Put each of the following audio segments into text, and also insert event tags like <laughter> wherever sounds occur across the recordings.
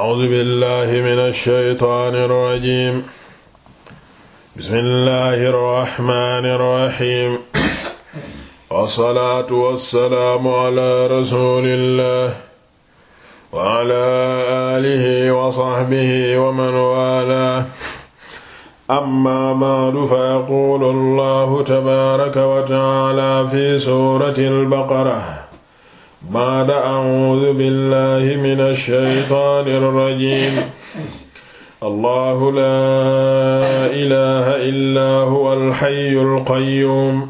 a'uuzu billahi mina shaytaani rajiim bismillahi rahmaani rahiim wassalaatu wassalaamu ala rasuulillah wa ala aalihi wa sahbihi wa man waalaa amma ba'du fa yaquulu allahu tabaaraka wa ta'aala fi suurati al-baqara baada audu billahi min alshaytaan alrajim allahu laa ilaha illa huwa alxayu alqayuum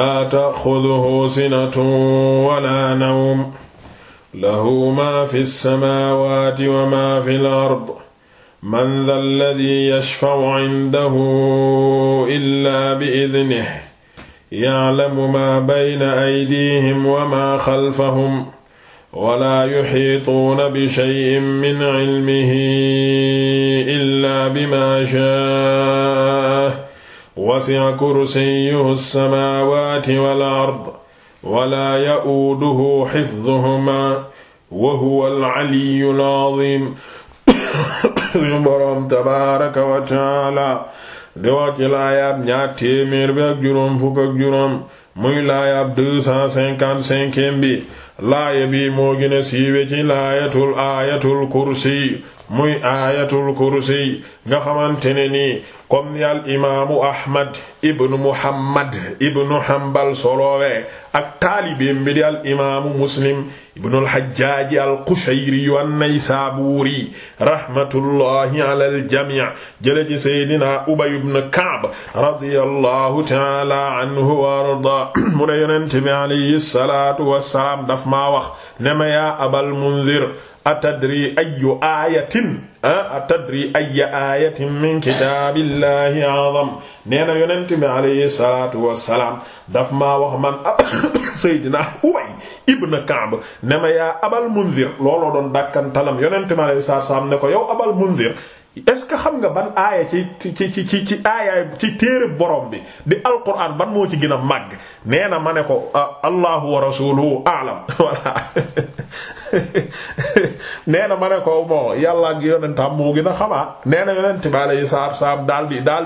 laa taxuduhu sinatun wala nawm lahu maa fi lsamawati wa maa fi lard man da alladi yashfacu cindahu illa bi idnihi ya'lamu maa bayna aydiihim wa maa xalfahum wala yuxiituuna bi shay'in min cilmihi illaa bimaa shaa'a wasi'a kursiyyuhu as-samaawaati wal ard wala ya'uuduhu xifduhumaa wa huwa al-caliyyu al-caziim suñu boroom tabaaraka wa ta'aala di wax ci laayaab ñaar téeméer bi ak juróom fukk ak juróom muy laayaab deux cent cinquante-cinquième bi laaya bi moo gën a siiwe ci laayatul aayatul kursi muy aayatul kursi nga xamante ne nii comme yal imaamu ahmad ibnu muhammad ibnu hambal solowee ak taalibeem bi di al imaamu muslim ibnul hajjaaji al qushayri an-naysaabuuri rahmatullahi ala al jamii jële ci seydina ubay ibn ka'b radiyallahu taala anhu wa arda <coughs> mu ne yonent bi alayhi salaatu wassalaam daf maa wax ne ma yaa abal munzir atadri ayu aayatin ah atadri aya aayatin min kitaabillahi azam nee na yonent bi alayhi salaatu wassalaam daf maa wax man ab <coughs> Seydina Ubay ibn Ka'b ne ma yaa abal Munzir looloo doon dàkkantalam yonent bi alayhi salaatu wassalaam ne ko yow abal Munzir est-ce que xam nga ban aaya ci ci ci ci ci aaya ci téere bi di alquran ban moo ci gën a màgg nee na ma ne ko allahu wa rasuluhu aalam <laughs> voilà <laughs> nee ma ne ko bon yàlla ak yonentam moo gën a xamaa nee na yonent bi alayhi salaatu salaam daal di daal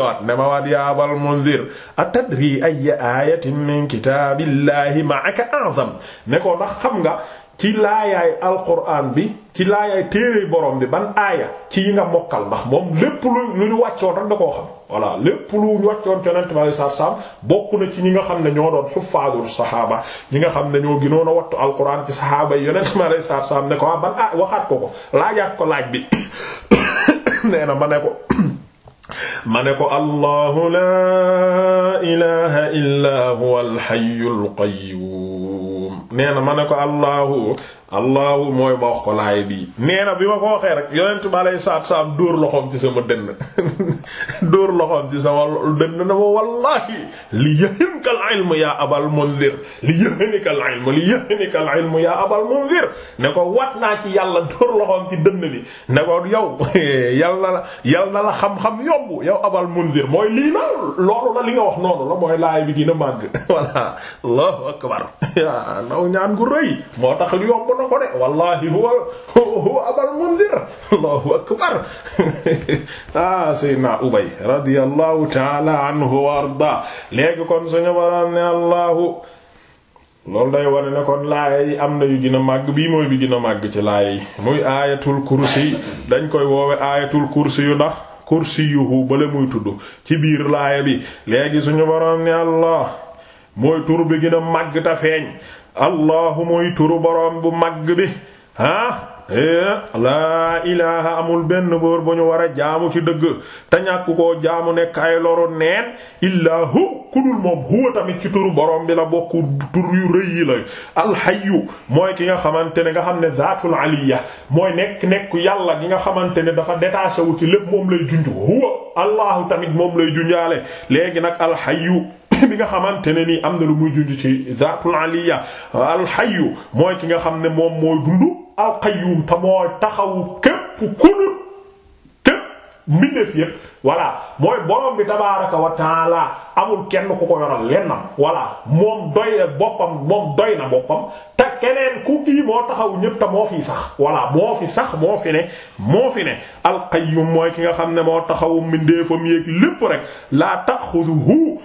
waat ne ma waat ya abal munzir atadri ayya ayatin min kitaabillahi ma'aka a'zam ne ko ndax xam nga ci laayaay alquran bi ci laayaay téere borom bi ban aaya ci yi nga mokkal ndax moom lépp lu lu ñu wàccoon rek da koo xam voilà lépp lu ñu wàccoon conent bi alei bokk na ci ñi nga xam ne ñoo doon xuffaadul saxaaba ñi nga xam ne ñoo ginoon a wattu alquran ci saxaaba yi yonent ma alei satu salaam ne ko waa ah, ban aaya waxaat ko ko laajaat ko laaj bi <coughs> nee na ma ne ko <coughs> ma ne ko allahu la nee na ma ne ko allahu allahu mooy ma wax ko laay bii nee na bi ma ko waxee rek yonent bi aleyhi saam salaam dóor loxoom ci sama dënn <laughs> dóor loxoom ci sama dënn na ma wallahi li yëhnika al abal munzir li yëhnika al ilmu yaa abal munzir ne ko wat naa ci yàlla dóor loxoom ci dënn bi ne ko yow <laughs> yal na la yal na la xam-xam yomb yow abal munzir mooy lii la loolu la li nga wax noonu la mooy laay bi gën a màgg <laughs> voilà allahu akbar waaw naw ñaan gu rëy moo tax yomb topp na ko de wallahi huwa <laughs> ah, léegi kon suñu waram ne allahu loolu day wane ne kon laaya yi am na yu gën a màgg bii mooy bi gën a màgg ci laaya yi muy aayatul kursi dañ koy woowe aayatul kursi yu ndax kursi yuhu bale muy tudd ci biir laaya bi léegi suñu boroom ne allah mooy tur bi gën a màgg ta feeñ allahu muy turu borom bu màgg bi ah laa ilaha amul benn boor bu ñu war a jaamu ci dëgg te ñàkk koo jaamu nekk ay loru neen illaa hu ku moom huwa tamit ci turu borom bi la bokk tur yu rëy yi alxayu mooy ki nga xamante ne nga xam ne zaatul aliya mooy nekk nekk yàlla gi nga xamante ne dafa détaché wu ci lépp moom lay junj huwa allahu tamit moom lay junjaale léegi nag alxayu beneen bi nga xamante ne nii am na lu muy junj ci zaatul aliya alxayu mooy ki nga xam ne moom mooy dundu alqayyum te mooy taxawu képp kulut mbindeef yépp voilà mooy borom bi tabaaraka amul kenn ku ko yoral lennam voilà moom doy boppam moom doy na boppam te keneen ku kii moo taxaw ñëpp te moo fi sax voilà moo fi sax moo fi ne moo fi ne alqayyum mooy ki nga xam ne moo taxawu mbindeefam yéeg lépp rek laa taxuduhu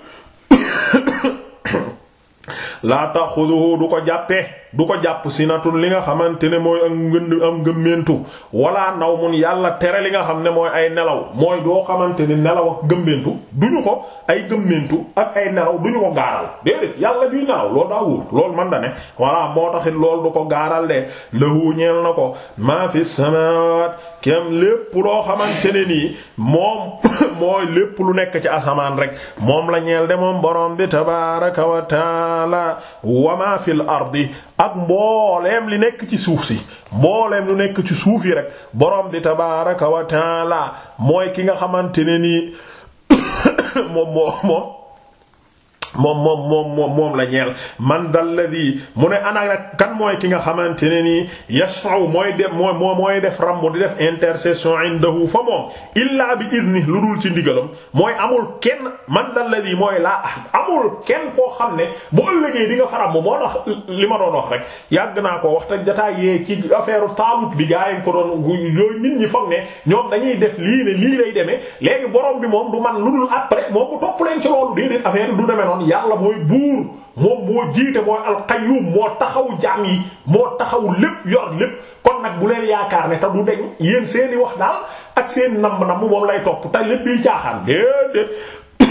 laa taxuduhu du ko jàppee du ko jàpp sinatun li nga xamante ne mooy am ngënd am ngëmmentu wala naw mun yàlla tere li nga xam ne mooy ay nelaw mooy doo xamante ne nelaw ak gëmmentu duñu ko ay gëmmentu ak ay nelaw duñu ko gaaral déedéet yàlla duy nelaw loolu daa wóor loolu man da ne voilà moo taxit loolu du ko gaaral de lahu ñeel na ko ma fi samawat kem lépp loo xamante ne nii moom <coughs> mooy lépp lu nekk ci asamaan rek moom la ñeel de moom borom bi tabaaraka wa taala wa maa fil ardi ak mbooleem li nekk ci suuf si mbooleem lu nekk ci suuf yi rek borom bi tabaaraka wa taala mooy ki nga xamante ne nii <coughs> moom moo moom moom moom moom moom moom la ñeel man dal ladhi mu ne ana nag kan mooy ki nga xamante ne nii yashfa'u mooy def mooy mooy def rambu di def intercession indahu fa moom illaa bi izni lu dul ci ndigalam mooy amul kenn man dal ladhi mooy laa amul kenn koo xam ne bu ëllëgee di nga faram moo tax li ma rek yàgg naa ko wax te jotaay yee ci affaire taalut bi gaa yi ko doon yooyu nit ñi foog ne ñoom dañuy def lii ne lii lay demee léegi borom bi moom du man lu dul après moom mu topp leen ci loolu déedéet affaire du yàlla mooy buur moom moo jiite mooy alqayyum moo taxaw jaam yi moo taxaw lépp yor lépp kon nag bu leen yaakaar ne ta du deñ yéen seeni wax daal ak seen namb namb moom lay topp te lépp yi caaxaan déedéet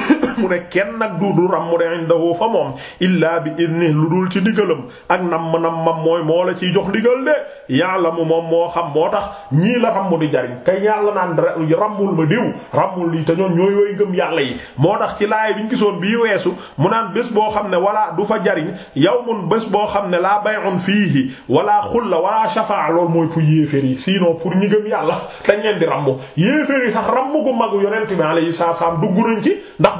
<coughs> mu ne kenn nag du du ram mu de indahu fa moom illaa bi idni lu dul ci ndigalam ak nam nam mam mooy moo la ciy jox ndigal de yàlla mu moom moo xam moo tax ñii la ram mu di jariñ kay yàlla naan rammul ma diw rammul di te ñoom ñooy yooy ngëm yàlla yi moo tax ci laay bi ñu gisoon bii weesu mu naan bés boo xam ne wala du fa jariñ yawmun bés boo xam ne laa fii fiihi wala xulla wala shafaa loolu mooy pour yéeféer yi sinon pour ñi gëm yàlla <laughs> dañ leen di rammu yéeféer yi sax rammu gu magu yonent bi alayhi salaam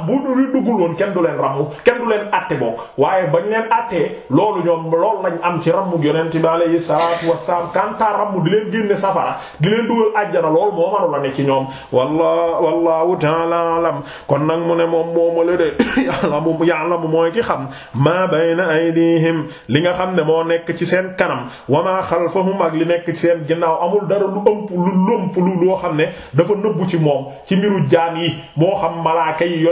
bu dul duggul woon kenn du leen ramu kenn du leen àtte bokk waaye bañ leen àttee loolu ñoom loolu lañ am ci rammu yonent bi alayhi salaatu wasalaam kantaa rammu di leen génne safara di leen dugal àjjana loolu moo manu la ne ci ñoom wallah wallahu ta'ala alam kon nag mu ne moom moomale de <coughs> ya'lamu ya'lamu mooy ki xam maa bayna aydihim li nga xam ne moo nekk ci seen kanam wa maa xalfahum ak li nekk ci seen ginnaaw amul dara lu ëmp lu lëmp lu loo xam ne dafa nëbbu ci moom ci mbiru jaam yi moo xam malaaka yi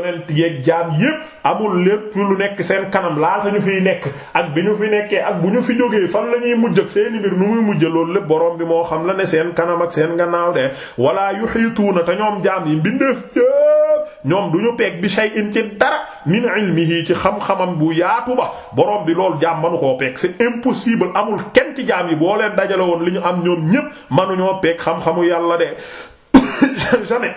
lu nekk seen kanam laata ñu fi nekk ak bi ñu fi nekkee ak bu ñu fi jógee fan la ñuy mujj ak seen mbir nu muy mujj loolu lépp boroom bi moo xam la ne seen kanam ak seen gannaaw de wala yuhituuna te ñoom jaam yi mbindeef ñoom du ñu peeg bi shay'in ci dara min ilmihi ci xam-xamam bu yaatu ba boroom bi loolu jaam manu koo peeg c'est impossible amul kenn ci jaam yi boo leen dajale woon li ñu am ñoom ñépp manuñoo peeg xam-xamu yàlla de <coughs> jamais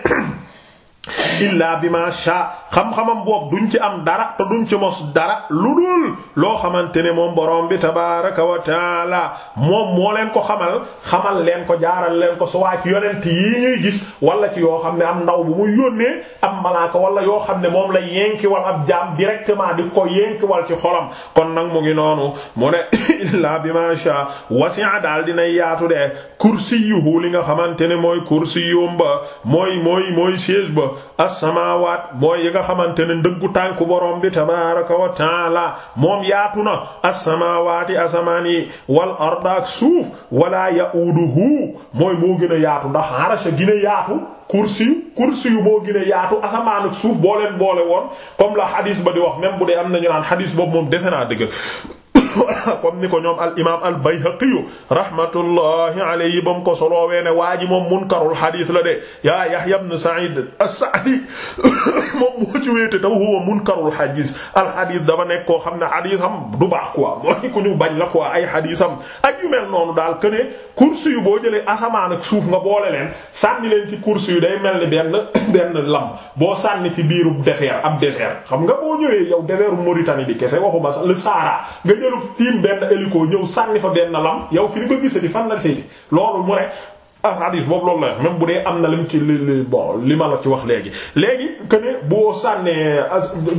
illaa bi ma sha xam-xamam duñ ci am dara te duñ ci mos dara lu dul loo xamante ne moom borom bi tabaaraka wa taala moom moo leen ko xamal xamal leen ko jaaral leen ko su waa ci yonent yii ñuy gis wala ci yoo xam ne am ndaw bu muy yónnee am malaaka wala yoo xam ne moom la yenkiwal ab jaam directement di ko wal ci xolam kon nag mu ngi noonu mu ne <coughs> illaa bi ma sha wasi'a daal dina yaatu de kursiyuhu li nga xamante ne mooy kursiyum ba mooy mooy mooy siège as-samaawaat mooy yi nga xamante ne ndëggu tànku borom bi tabaaraka wa moom yaatu na as-samaawaati asamaan yi wal ard ak suuf wala ya'uuduhu mooy moo gën a yaatu ndax arasha gën a yaatu kursi kursi yu moo gën a yaatu asamaan ak suuf boo boole woon comme la hadis ba di wax même bu dee am nañu naan hadis boobu moom dese naa dëgg comme ni ko ñoom al imaam al bayhaqiyu rahmatullahi alayhi ba mu ko soloowee ne waa ji moom munkarul xadiis la de yaa yahya ibn sa'id as-sa'di moom moo ci wéete taw huwa munkarul hadis alhadis dafa nekk koo xam ne hadisam du baax quoi mooy ku ñu bañ la quoi ay hadisam ak yu mel noonu daal que ne yu boo jëlee asamaan ak suuf nga boole leen sànni leen ci kursi yu day mel ni benn <coughs> benn lam boo sànni ci biiru désert ab désert xam nga boo ñëwee yow désert Mauritanie bi kese waxuma le Sahara nga jëlu tiim benn hélico ñëw sànni fa benn lam yow fi nga gisee di fan la féete loolu mu ne ah hadis boobu loolu la même bu dee am na lim ci li bon li ma la ci wax léegi léegi que boo sànnee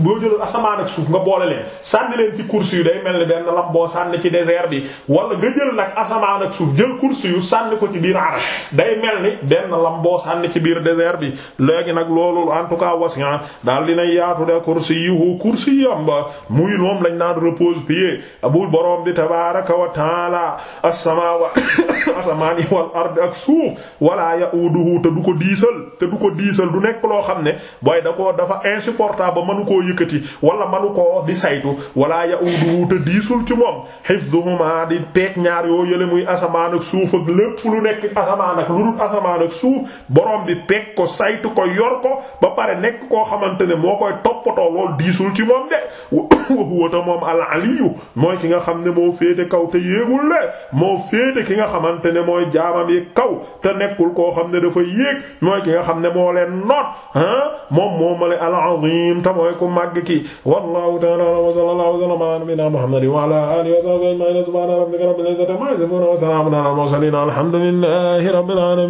boo jëlal asamaan ak suuf nga boole leen sànni leen ci course yu day mel ni benn lap boo ci désert bi wala nga jël nag asamaan ak suuf jël course yu sànni ko ci biir arach day mel ni benn lam boo sànni ci biir désert bi léegi nag loolu en tout cas wasian ah, daal dina yaatu de course yi course yi am ba muy moom lañ naan repose pied abul boroom bi tabaraka wa taala as-samaa <coughs> asamaan yi wal ard ak suuf wala yauduhu te du ko diisal te du ko diisal du nekk loo xam ne booy da ko dafa insupportable ba mënu koo yëkkati wala mënu koo di saytu wala yauduhu te diisul ci moom hifduhuma di peeg ñaar yoo yële asamaan ak suuf ak lépp nekk asamaan ak lu asamaan suuf borom bi peeg ko saytu ko yor ko ba pare nekk koo xamante ne moo koy toppatoo lool diisul ci moom de wa moom al aliyu mooy ki nga xam ne moo féete kaw te yéegul le moo féete ki nga xamante ne mooy jaamam yi kaw te nekkul koo xam ne dafa yéeg mooy ki nga xam ne moo leen noot ah moom moo male al-azim te mooy ku màgg ki wallahu ta'ala wa sallallahu wa sallama ala nabiyyina muhammadin wa ala alihi wa sahbihi ajma'in subhana rabbika rabbil izzati amma yasifun wa salamun ala al-mursalin alhamdulillahi rabbil